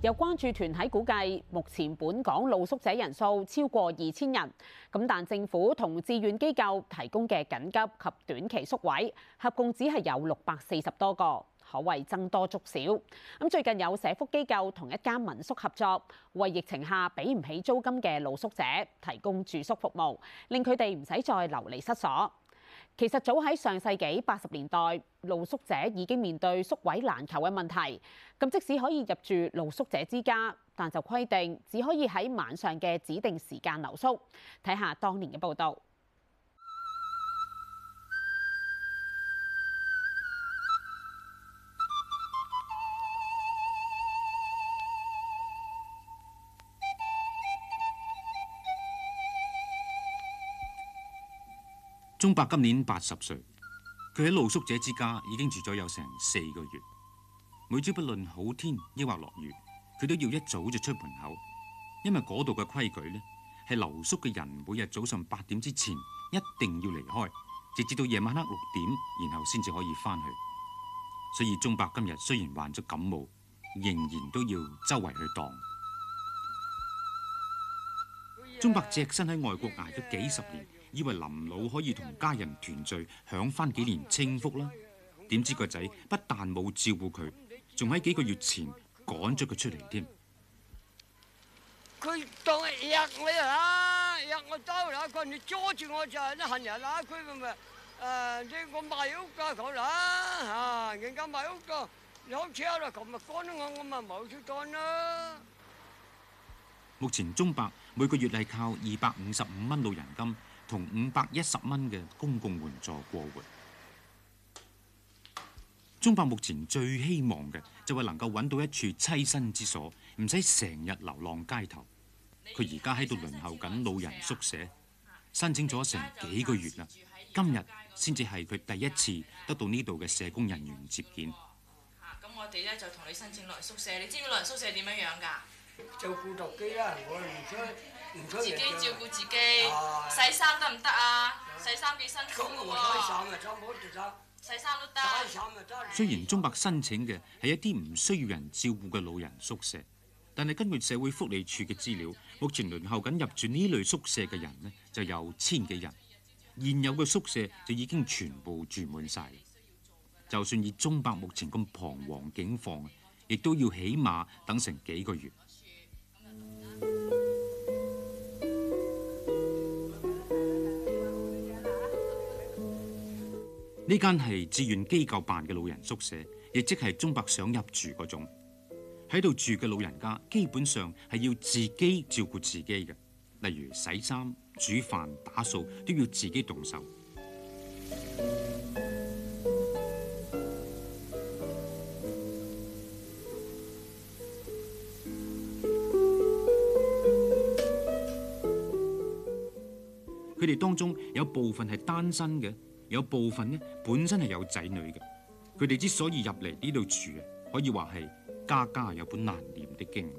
有關注團體估計，目前本港露宿者人數超過二千人。咁但政府同志願機構提供嘅緊急及短期宿位，合共只係有六百四十多個，可謂僧多粥少。咁最近有社福機構同一間民宿合作，為疫情下俾唔起租金嘅露宿者提供住宿服務，令佢哋唔使再流離失所。其實早喺上世紀八十年代，露宿者已經面對宿位難求嘅問題。咁即使可以入住露宿者之家，但就規定只可以喺晚上嘅指定時間留宿。睇下當年嘅報道。鐘伯今年八十歲，佢喺露宿者之家已經住咗有成四個月。每朝不論好天抑或落雨，佢都要一早就出門口，因為嗰度嘅規矩呢，係留宿嘅人每日早上八點之前一定要離開，直至到夜晚黑六點，然後先至可以翻去。所以鐘伯今日雖然患咗感冒，仍然都要周圍去蕩。鐘伯隻身喺外國挨咗幾十年。以為林老可以同家人團聚，享返幾年清福啦。點知個仔不但冇照顧佢，仲喺幾個月前趕咗佢出嚟添。佢當我約我啦，約我兜嚟一個，你捉住我就係啲恨人啦。佢唔係誒，你我賣屋噶講啦嚇，人家賣屋個有車啦，琴日趕我我咪冇出檔啦。目前鐘伯每個月係靠二百五十五蚊老人金。同五百一十蚊嘅公共援助過活，中伯目前最希望嘅就係能夠揾到一處棲身之所，唔使成日流浪街頭。佢而家喺度輪候緊老人宿舍，申請咗成幾個月啦，今日先至係佢第一次得到呢度嘅社工人員接見。咁我哋呢就同你申請老人宿舍，你知唔知老人宿舍點樣樣㗎？做輔導機啦，我唔出。自己照顧自己，洗衫得唔得啊？洗衫幾辛苦嘅喎。洗衫都得。雖然鐘伯申請嘅係一啲唔需要人照顧嘅老人宿舍，但係根據社會福利署嘅資料，目前輪候緊入住呢類宿舍嘅人呢就有千幾人，現有嘅宿舍就已經全部住滿曬。就算以鐘伯目前咁彷徨境況，亦都要起碼等成幾個月。呢間係志願機構辦嘅老人宿舍，亦即係鍾伯想入住嗰種。喺度住嘅老人家，基本上係要自己照顧自己嘅，例如洗衫、煮飯、打掃都要自己動手。佢哋 當中有部分係單身嘅。有部分呢本身係有仔女嘅，佢哋之所以入嚟呢度住啊，可以話係家家有本難念的經。